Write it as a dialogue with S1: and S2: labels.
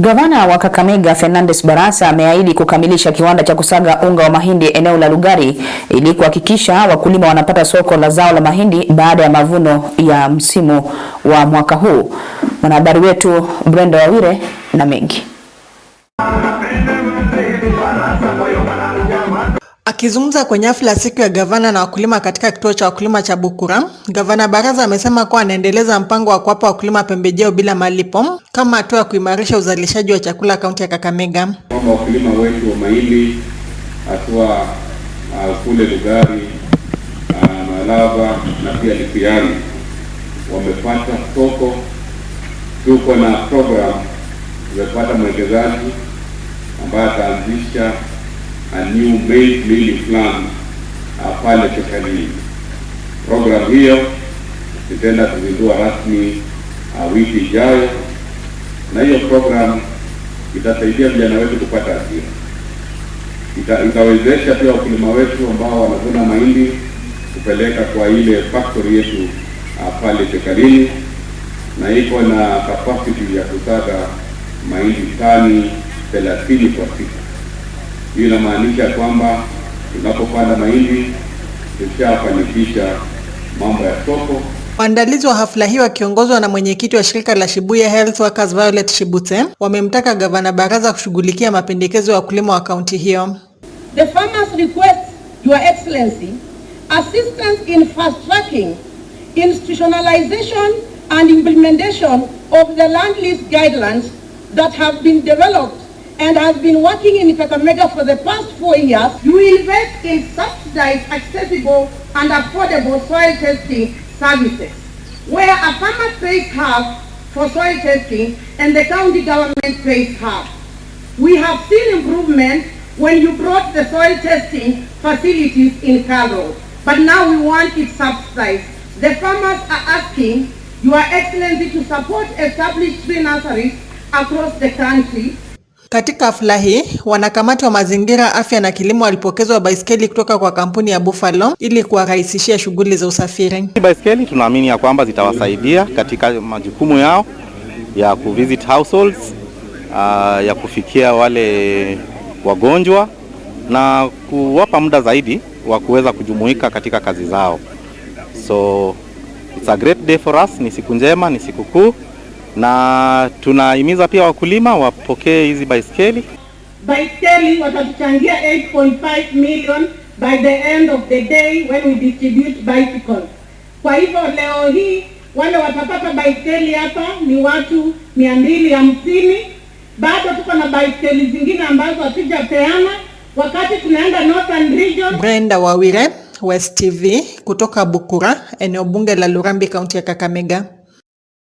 S1: Gavana wa Kakamega Fernandes Barasa ameahidi kukamilisha kiwanda cha kusaga unga wa mahindi eneo la Lugari ili kuhakikisha wakulima wanapata soko la zao la mahindi baada ya mavuno ya msimu wa mwaka huu. Mwanahabari wetu Brenda Wawire na mengi Akizungumza kwenye hafla ya siku ya gavana na wakulima katika kituo cha wakulima cha Bukura, Gavana Baraza amesema kuwa anaendeleza mpango wa kuwapa wakulima pembejeo bila malipo kama hatua ya kuimarisha uzalishaji wa chakula kaunti ya Kakamega.
S2: Kwamba wakulima wetu wa mahindi hatua uh, kule Lugari uh, ah, Malava na pia Lipiani wamepata soko. Tuko na program zimepata mwekezaji ambaye ataanzisha aliyomake plan fulani pale serikalini. Programu hiyo itenda kuzindua rasmi uh, wiki ijayo, na hiyo programu itasaidia vijana wetu kupata ajira ita, itawezesha pia wakulima wetu ambao wanavuna mahindi kupeleka kwa ile factory yetu uh, pale serikalini, na iko na capacity ya kutaga mahindi tani thelathini kwa siku. Hiyo inamaanisha kwamba tunapopanda mahindi tushafanikisha mambo ya soko.
S1: Waandalizi wa hafla hii wakiongozwa na mwenyekiti wa shirika la Shibuya Health Workers Violet Shibute wamemtaka gavana Baraza kushughulikia mapendekezo ya wakulima wa kaunti hiyo.
S3: The farmers request your excellency assistance in fast tracking institutionalization and implementation of the land lease guidelines that have been developed and I've been working in Kakamega for the past four years, you invest in subsidized, accessible, and affordable soil testing services, where a farmer pays half for soil testing and the county government pays half. We have seen improvement when you brought the soil testing facilities in Carroll, but now we want it subsidized. The farmers are asking Your Excellency to support established tree nurseries across the country
S1: Katika hafla hii, wanakamati wa mazingira, afya na kilimo walipokezwa baiskeli kutoka kwa kampuni ya Buffalo ili kuwarahisishia shughuli za usafiri.
S4: Baiskeli tunaamini ya kwamba zitawasaidia katika majukumu yao ya kuvisit households, ah, ya kufikia wale wagonjwa na kuwapa muda zaidi wa kuweza kujumuika katika kazi zao. So it's a great day for us, ni siku njema, ni siku kuu na tunahimiza pia wakulima wapokee hizi baiskeli.
S3: Baiskeli watatuchangia 8.5 million by the end of the day when we distribute bicycles. Kwa hivyo leo hii wale watapata baiskeli hapa ni watu 250. Bado tuko na baiskeli zingine ambazo hatujapeana wakati tunaenda Northern Region.
S1: Brenda Wawire, West TV, kutoka Bukura, eneo bunge la Lurambi, kaunti ya Kakamega.